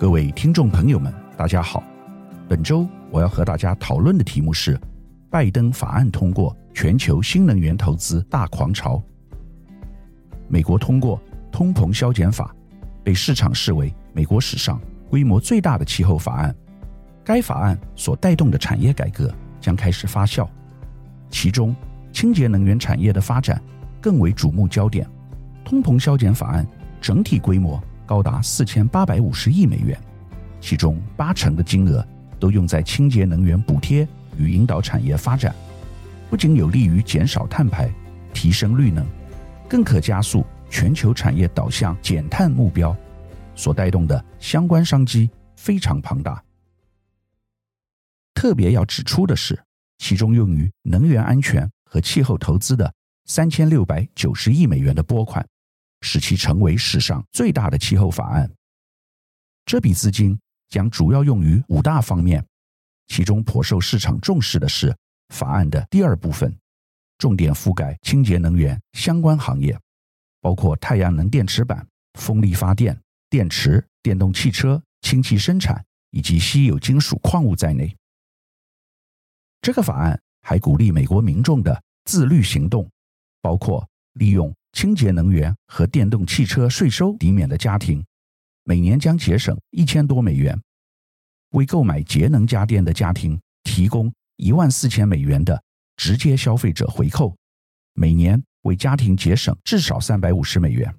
各位聽眾朋友們，大家好。本周我要和大家討論的題目是：拜登法案通過，全球新能源投資大狂潮。美國通過《通膨削減法》，被市場視為美國史上規模最大的氣候法案。該法案所帶動的產業改革將開始發酵，其中清潔能源產業的發展更為矚目焦點。《通膨削減法案》整體規模，高達四千八百五十億美元，其中八成的金額都用在清潔能源補貼與引導產業發展，不僅有利於減少碳排、提升綠能，更可加速全球產業導向減碳目標，所帶動的相關商機非常龐大。特別要指出的是，其中用於能源安全和氣候投資的三千六百九十億美元的撥款。使其成為史上最大的氣候法案。這筆資金將主要用於五大方面，其中頗受市場重視的是法案的第二部分，重點覆蓋清潔能源相關行業，包括太陽能電池板、風力發電、電池、電動汽車、氫氣生產以及稀有金屬礦物在內。這個法案還鼓勵美國民眾的自綠行動，包括利用。清潔能源和電動汽車稅收抵免的家庭，每年將節省一千多美元；為購買節能家電的家庭提供一萬四千美元的直接消費者回扣，每年為家庭節省至少三百五十美元。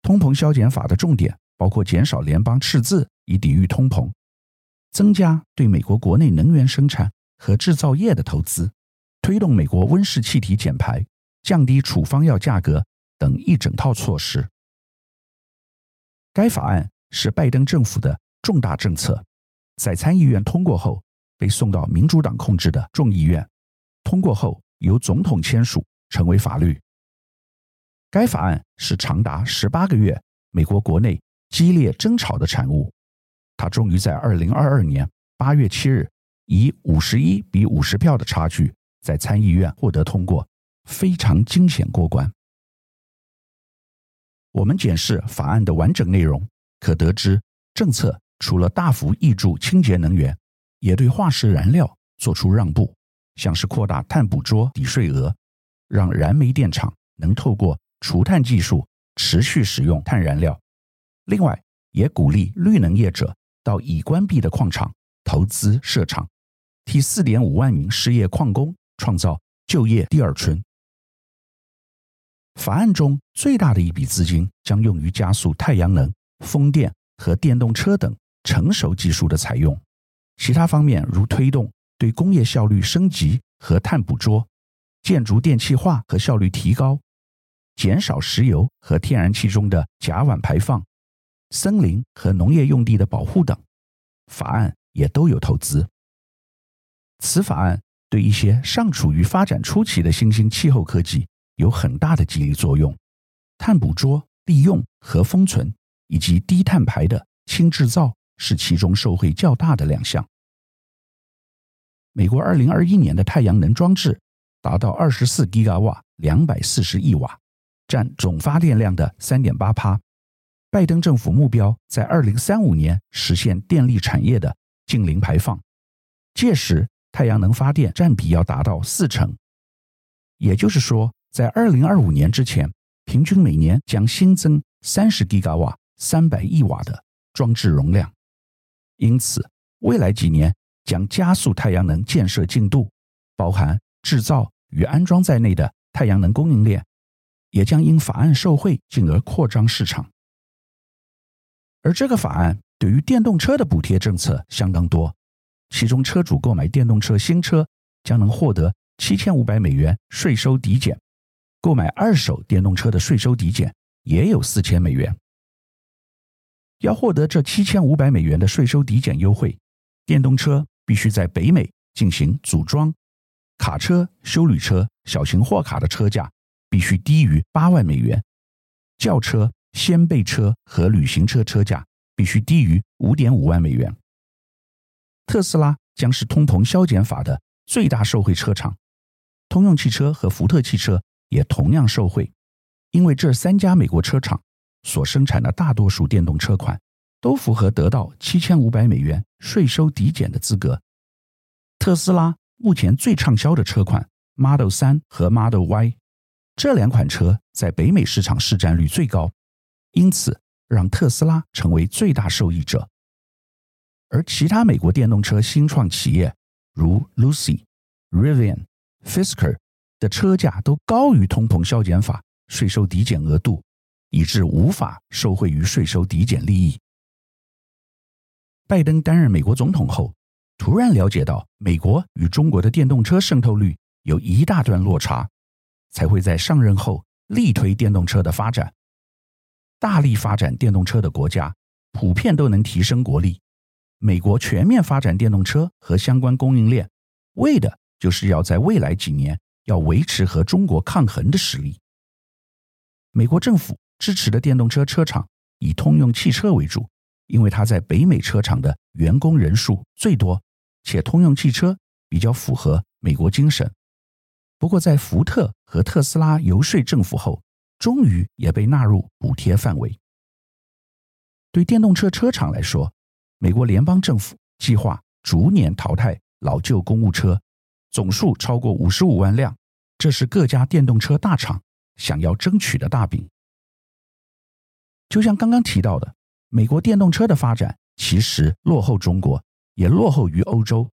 通膨削減法的重點包括減少聯邦赤字以抵禦通膨，增加對美國國內能源生產和制造業的投資，推動美國溫室氣體減排。降低處方藥價格等一整套措施。該法案是拜登政府的重大政策，在參議院通過後，被送到民主黨控制的眾議院通過後，由總統簽署成為法律。該法案是長達十八個月美國國內激烈爭吵的產物，它終於在二零二二年八月七日以五十一比五十票的差距在參議院獲得通過。非常驚險過關。我們檢視法案的完整內容，可得知政策除了大幅挹注清潔能源，也對化石燃料做出讓步，像是擴大碳捕捉抵稅額，讓燃煤電廠能透過除碳技術持續使用碳燃料。另外，也鼓勵綠能業者到已關閉的礦場投資設廠，替四點五萬名失業礦工創造就業第二春。法案中最大的一筆資金將用於加速太陽能、風電和電動車等成熟技術的採用。其他方面，如推動對工業效率升級和碳捕捉、建築電氣化和效率提高、減少石油和天然氣中的甲烷排放、森林和農業用地的保護等，法案也都有投資。此法案對一些尚處於發展初期的新興氣候科技，有很大的激勵作用，碳捕捉、利用和封存，以及低碳排的氫製造，是其中受惠較大的兩項。美國2021年的太陽能裝置達到24吉瓦，240億瓦，佔總發電量的3.8趴。拜登政府目標在2035年實現電力產業的淨零排放，屆時太陽能發電佔比要達到四成，也就是說，在二零二五年之前，平均每年將新增三十吉瓦、三百億瓦的裝置容量。因此，未來幾年將加速太陽能建設進度，包含制造與安裝在內的太陽能供應鏈，也將因法案受惠，進而擴張市場。而這個法案對於電動車的補貼政策相當多，其中車主購買電動車新車將能獲得七千五百美元稅收抵減。購買二手電動車的稅收抵減也有四千美元。要獲得這七千五百美元的稅收抵減優惠，電動車必須在北美進行組裝；卡車、休旅車、小型貨卡的車價必須低於八萬美元；轎車、掀背車和旅行車車價必須低於五點五萬美元。特斯拉將是通膨削減法的最大受惠車廠，通用汽車和福特汽車。也同樣受惠，因為這三家美國車廠所生產的大多數電動車款都符合得到七千五百美元稅收抵減的資格。特斯拉目前最暢銷的車款 Model 3和 Model Y 這兩款車在北美市場市占率最高，因此讓特斯拉成為最大受益者。而其他美國電動車新創企業如 Lucid、Rivian、Fisker 的車價都高於通膨削減法稅收抵減額度，以致無法受惠於稅收抵減利益。拜登擔任美國總統後，突然了解到美國與中國的電動車滲透率有一大段落差，才會在上任後力推電動車的發展。大力發展電動車的國家，普遍都能提升國力。美國全面發展電動車和相關供應鏈，為的就是要在未來幾年，要維持和中國抗衡的實力，美國政府支持的電動車車廠以通用汽車為主，因為它在北美車廠的員工人數最多，且通用汽車比較符合美國精神。不過，在福特和特斯拉游說政府後，終於也被納入補貼範圍。對電動車車廠來說，美國聯邦政府計劃逐年淘汰老舊公務車。總數超過五十五萬輛，這是各家電動車大廠想要爭取的大餅。就像剛剛提到的，美國電動車的發展其實落後中國，也落後於歐洲。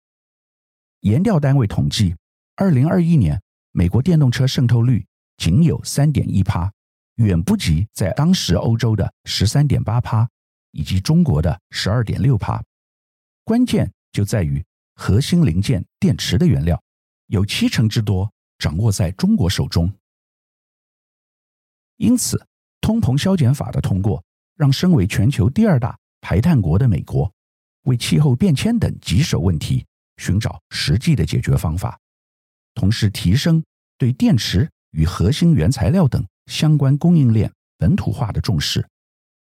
研調單位統計，二零二一年美國電動車滲透率僅有三點一趴，遠不及在當時歐洲的十三點八趴，以及中國的十二點六趴。關鍵就在於核心零件電池的原料，有七成之多掌握在中國手中，因此，通膨削減法的通過，讓身為全球第二大排碳國的美國，為氣候變遷等棘手問題尋找實際的解決方法，同時提升對電池與核心原材料等相關供應鏈本土化的重視，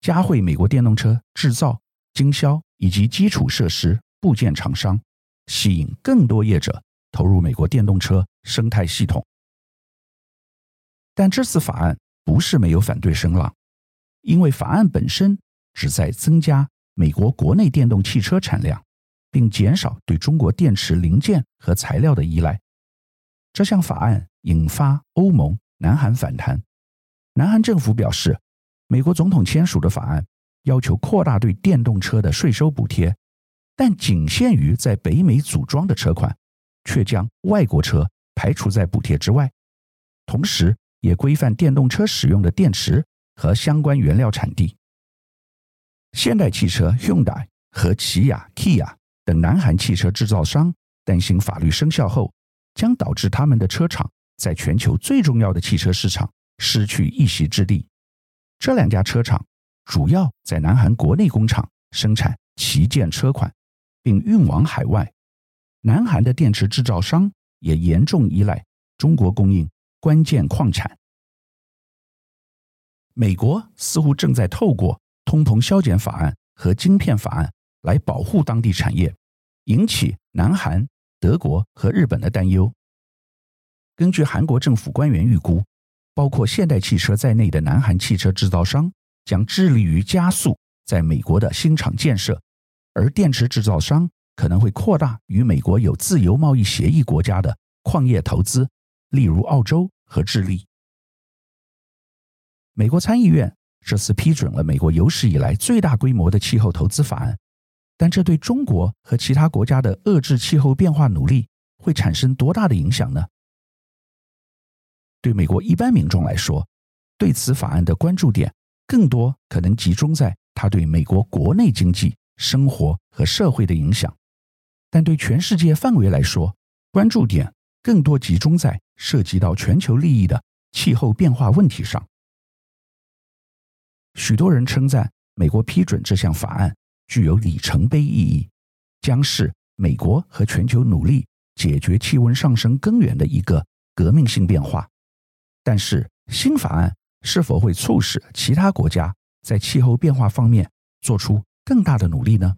加惠美國電動車製造、經銷以及基礎設施部件廠商，吸引更多業者。投入美國電動車生態系統，但這次法案不是沒有反對聲浪，因為法案本身旨在增加美國國內電動汽車產量，並減少對中國電池零件和材料的依賴。這項法案引發歐盟、南韓反彈。南韓政府表示，美國總統簽署的法案要求擴大對電動車的稅收補貼，但僅限於在北美組裝的車款。卻將外國車排除在補貼之外，同時也規範電動車使用的電池和相關原料產地。現代汽車、Hyundai 和奇雅 Kia 等南韓汽車製造商擔心法律生效後將導致他們的車廠在全球最重要的汽車市場失去一席之地。這兩家車廠主要在南韓國內工廠生產旗艦車款，並運往海外。南韓的電池制造商也嚴重依賴中國供應關鍵礦產。美國似乎正在透過通膨削減法案和晶片法案來保護當地產業，引起南韓、德國和日本的擔憂。根據韓國政府官員預估，包括現代汽車在內的南韓汽車制造商將致力於加速在美國的新廠建設，而電池制造商。可能會擴大與美國有自由貿易協議國家的礦業投資，例如澳洲和智利。美國參議院這次批准了美國有史以來最大規模的氣候投資法案，但這對中國和其他國家的遏制氣候變化努力會產生多大的影響呢？對美國一般民眾來說，對此法案的關注點更多可能集中在它對美國國內經濟、生活和社會的影響。但對全世界範圍來說，關注點更多集中在涉及到全球利益的氣候變化問題上。許多人稱讚美國批准這項法案具有里程碑意義，將是美國和全球努力解決氣溫上升根源的一個革命性變化。但是，新法案是否會促使其他國家在氣候變化方面做出更大的努力呢？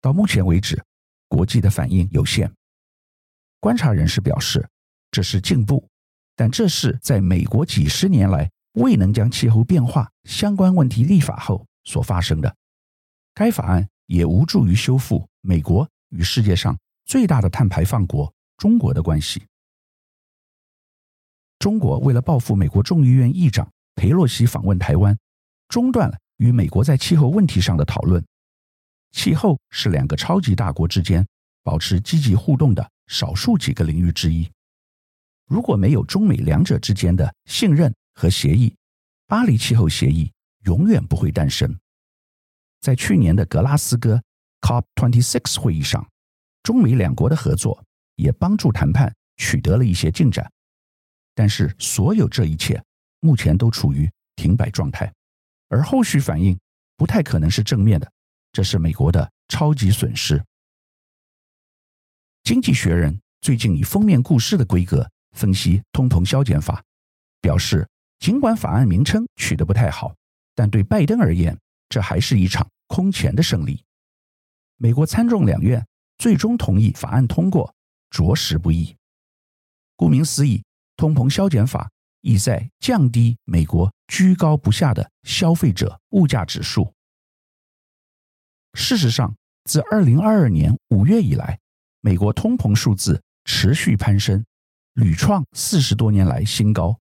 到目前為止，國際的反應有限。觀察人士表示，這是進步，但這是在美國幾十年來未能將氣候變化相關問題立法後所發生的。該法案也無助於修復美國與世界上最大的碳排放國中國的關係。中國為了報復美國眾議院議長裴洛西訪問台灣，中斷了與美國在氣候問題上的討論。氣候是兩個超級大國之間保持積極互動的少數幾個領域之一。如果沒有中美兩者之間的信任和協議，巴黎氣候協議永遠不會誕生。在去年的格拉斯哥 COP26 會議上，中美兩國的合作也幫助談判取得了一些進展。但是所有這一切目前都處於停擺狀態，而後續反應不太可能是正面的。這是美國的超級損失。《經濟學人》最近以封面故事的規格分析通膨削減法，表示，儘管法案名稱取得不太好，但對拜登而言，這還是一場空前的勝利。美國參眾兩院最終同意法案通過，着實不易。顧名思義，通膨削減法意在降低美國居高不下的消費者物價指數。事實上，自2022年5月以來，美國通膨數字持續攀升，屢創四十多年來新高，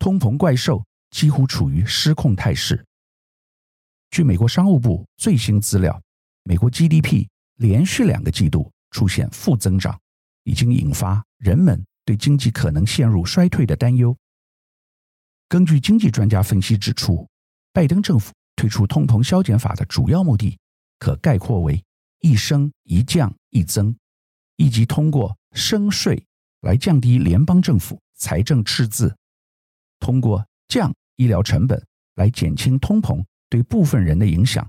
通膨怪獸幾乎處於失控態勢。據美國商務部最新資料，美國 GDP 連續兩個季度出現負增長，已經引發人們對經濟可能陷入衰退的擔憂。根據經濟專家分析指出，拜登政府推出通膨削減法的主要目的。可概括為一升一降一增，以及通過升稅來降低聯邦政府財政赤字，通過降醫療成本來減輕通膨對部分人的影響，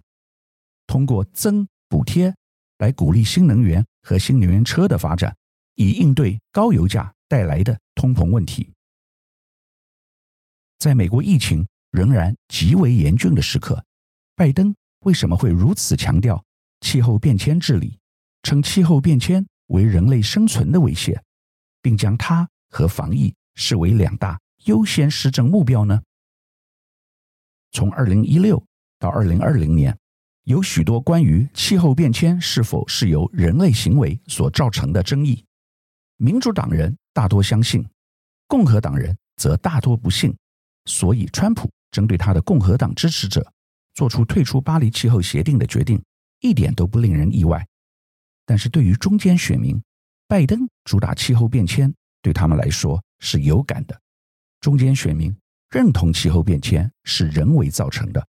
通過增補貼來鼓勵新能源和新能源車的發展，以應對高油價帶來的通膨問題。在美國疫情仍然極為嚴峻的時刻，拜登。為什麼會如此強調氣候變遷治理，稱氣候變遷為人類生存的威脅，並將它和防疫視為兩大優先施政目標呢？從2016到2020年，有許多關於氣候變遷是否是由人類行為所造成的爭議。民主黨人大多相信，共和黨人則大多不信。所以，川普針對他的共和黨支持者。做出退出巴黎氣候協定的決定，一點都不令人意外。但是，對於中間選民，拜登主打氣候變遷，對他們來說是有感的。中間選民認同氣候變遷是人為造成的，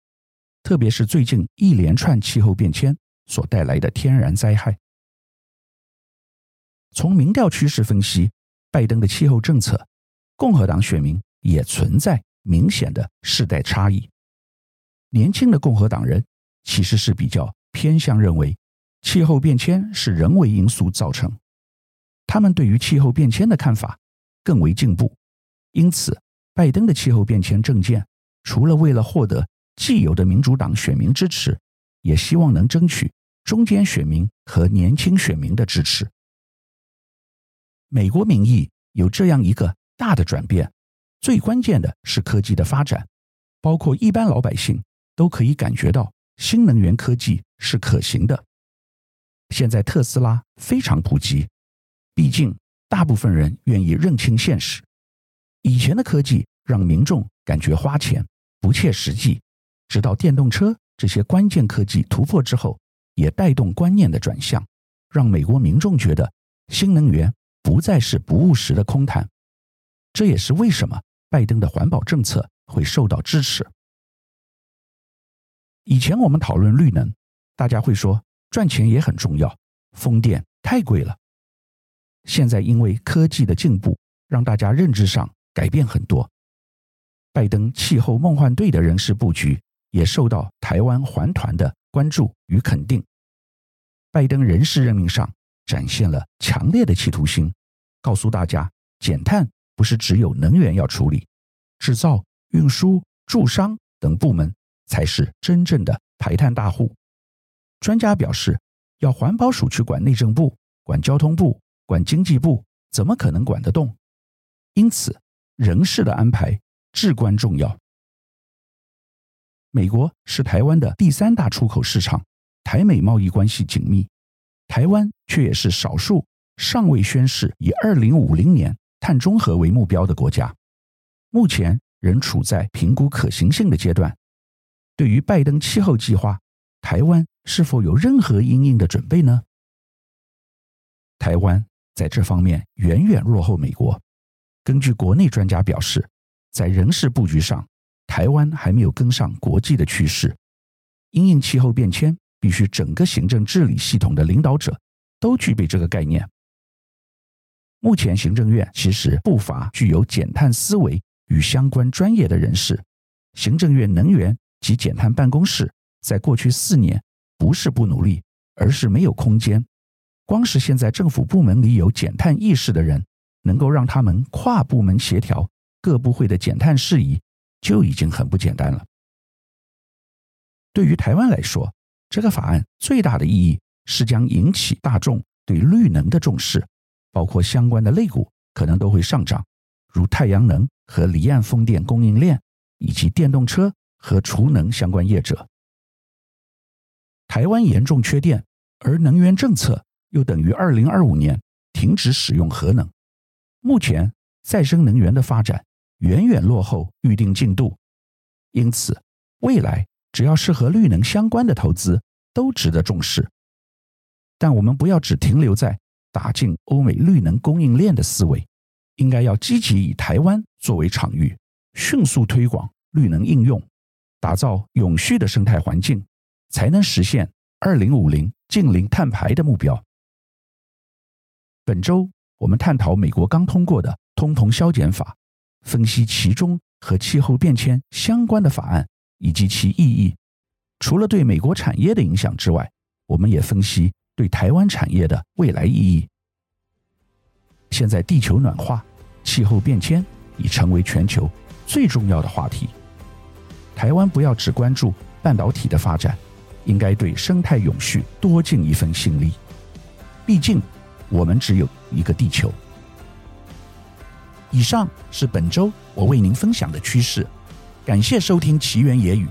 特別是最近一連串氣候變遷所帶來的天然災害。從民調趨勢分析，拜登的氣候政策，共和黨選民也存在明顯的世代差異。年輕的共和黨人其實是比較偏向認為，氣候變遷是人為因素造成。他們對於氣候變遷的看法更為進步。因此，拜登的氣候變遷政見，除了為了獲得既有的民主黨選民支持，也希望能爭取中間選民和年輕選民的支持。美國民意有這樣一個大的轉變，最關鍵的是科技的發展，包括一般老百姓。都可以感覺到新能源科技是可行的。現在特斯拉非常普及，畢竟大部分人願意認清現實。以前的科技讓民眾感覺花錢不切實際，直到電動車這些關鍵科技突破之後，也帶動觀念的轉向，讓美國民眾覺得新能源不再是不務實的空談。這也是為什麼拜登的環保政策會受到支持。以前我們討論綠能，大家會說賺錢也很重要，風電太貴了。現在因為科技的進步，讓大家認知上改變很多。拜登氣候夢幻隊的人事布局也受到台灣環團的關注與肯定。拜登人事任命上展現了強烈的企圖心，告訴大家，減碳不是只有能源要處理，製造、運輸、住商等部門。才是真正的排碳大戶。專家表示，要環保署去管內政部、管交通部、管經濟部，怎麼可能管得動？因此，人事的安排至關重要。美國是台灣的第三大出口市場，台美貿易關係緊密。台灣卻也是少數尚未宣示以二零五零年碳中和為目標的國家，目前仍處在評估可行性的階段。對於拜登氣候計劃，台灣是否有任何因應的準備呢？台灣在這方面遠遠落後美國。根據國內專家表示，在人事布局上，台灣還沒有跟上國際的趨勢。因應氣候變遷，必須整個行政治理系統的領導者都具備這個概念。目前行政院其實不乏具有減碳思維與相關專業的人士，行政院能源。及減碳辦公室在過去四年不是不努力，而是沒有空間。光是現在政府部門裡有減碳意識的人，能夠讓他們跨部門協調各部會的減碳事宜，就已經很不簡單了。對於台灣來說，這個法案最大的意義是將引起大眾對綠能的重視，包括相關的類股可能都會上漲，如太陽能和離岸風電供應鏈以及電動車。和儲能相關業者。台灣嚴重缺電，而能源政策又等於二零二五年停止使用核能。目前再生能源的發展遠遠落後預定進度，因此未來只要是和綠能相關的投資都值得重視。但我們不要只停留在打進歐美綠能供應鏈的思維，應該要積極以台灣作為場域，迅速推廣綠能應用。打造永續的生態環境，才能實現二零五零淨零碳排的目標。本周我們探討美國剛通過的《通膨削減法》，分析其中和氣候變遷相關的法案以及其意義。除了對美國產業的影響之外，我們也分析對台灣產業的未來意義。現在，地球暖化、氣候變遷已成為全球最重要的話題。台灣不要只關注半導體的發展，應該對生態永續多盡一份心力。畢竟，我們只有一個地球。以上是本周我為您分享的趨勢，感謝收聽奇緣野語。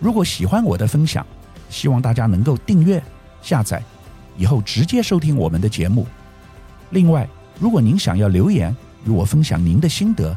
如果喜歡我的分享，希望大家能夠訂閱、下載，以後直接收聽我們的節目。另外，如果您想要留言，與我分享您的心得。